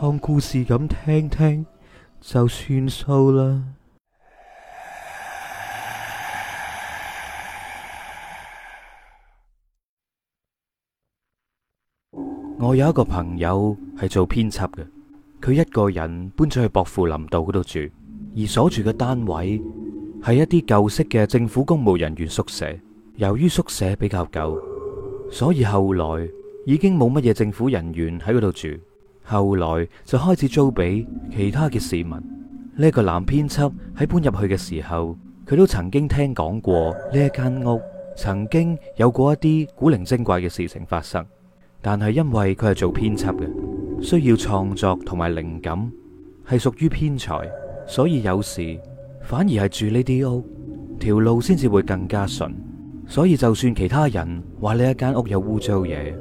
當故事咁聽聽就算數啦。我有一個朋友係做編輯嘅，佢一個人搬咗去薄扶林道嗰度住，而所住嘅單位係一啲舊式嘅政府公務人員宿舍。由於宿舍比較舊，所以後來已經冇乜嘢政府人員喺嗰度住。後來就開始租俾其他嘅市民。呢個男編輯喺搬入去嘅時候，佢都曾經聽講過呢一間屋曾經有過一啲古靈精怪嘅事情發生。但係因為佢係做編輯嘅，需要創作同埋靈感，係屬於偏財，所以有時反而係住呢啲屋，條路先至會更加順。所以就算其他人話呢一間屋有污糟嘢，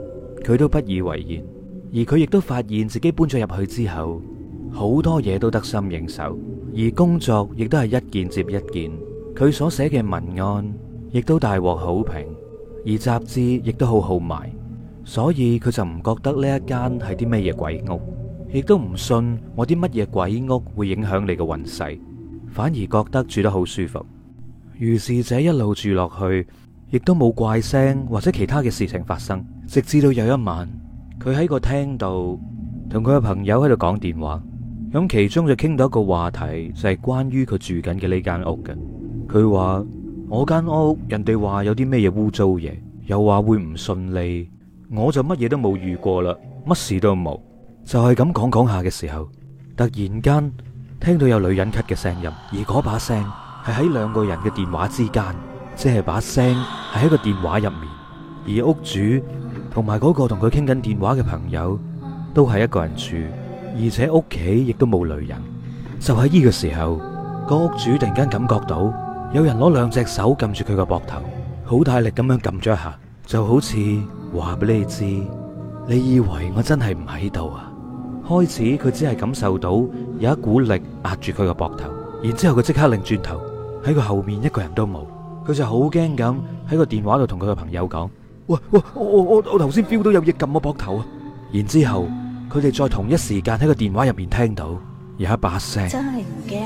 佢都不以為然。而佢亦都發現自己搬咗入去之後，好多嘢都得心應手，而工作亦都係一件接一件。佢所寫嘅文案亦都大獲好評，而雜誌亦都好好賣。所以佢就唔覺得呢一間係啲咩嘢鬼屋，亦都唔信我啲乜嘢鬼屋會影響你嘅運勢，反而覺得住得好舒服。如是者，一路住落去，亦都冇怪聲或者其他嘅事情發生，直至到有一晚。佢喺個廳度同佢嘅朋友喺度講電話，咁其中就傾到一個話題，就係關於佢住緊嘅呢間屋嘅。佢話，我間屋人哋話有啲咩嘢污糟嘢，又話會唔順利，我就乜嘢都冇遇過啦，乜事都冇。就係咁講講下嘅時候，突然間聽到有女人咳嘅聲音，而嗰把聲係喺兩個人嘅電話之間，即係把聲係喺個電話入面，而屋主。同埋嗰個同佢傾緊電話嘅朋友都係一個人住，而且屋企亦都冇雷人。就喺呢個時候，個屋主突然間感覺到有人攞兩隻手撳住佢個膊頭，好大力咁樣撳咗一下，就好似話俾你知，你以為我真係唔喺度啊？開始佢只係感受到有一股力壓住佢個膊頭，然之後佢即刻擰轉頭，喺佢後面一個人都冇，佢就好驚咁喺個電話度同佢個朋友講。哇哇！我我我頭先 feel 到有嘢撳我膊頭啊！然之後佢哋在同一時間喺個電話入面聽到有一把聲，真係嘅。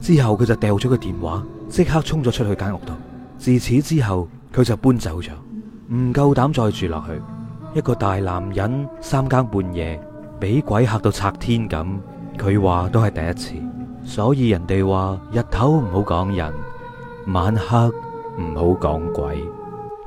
之後佢就掉咗個電話，即刻衝咗出去間屋度。自此之後，佢就搬走咗，唔夠膽再住落去。一個大男人三更半夜俾鬼嚇到拆天咁，佢話都係第一次。所以人哋話日頭唔好講人，晚黑唔好講鬼。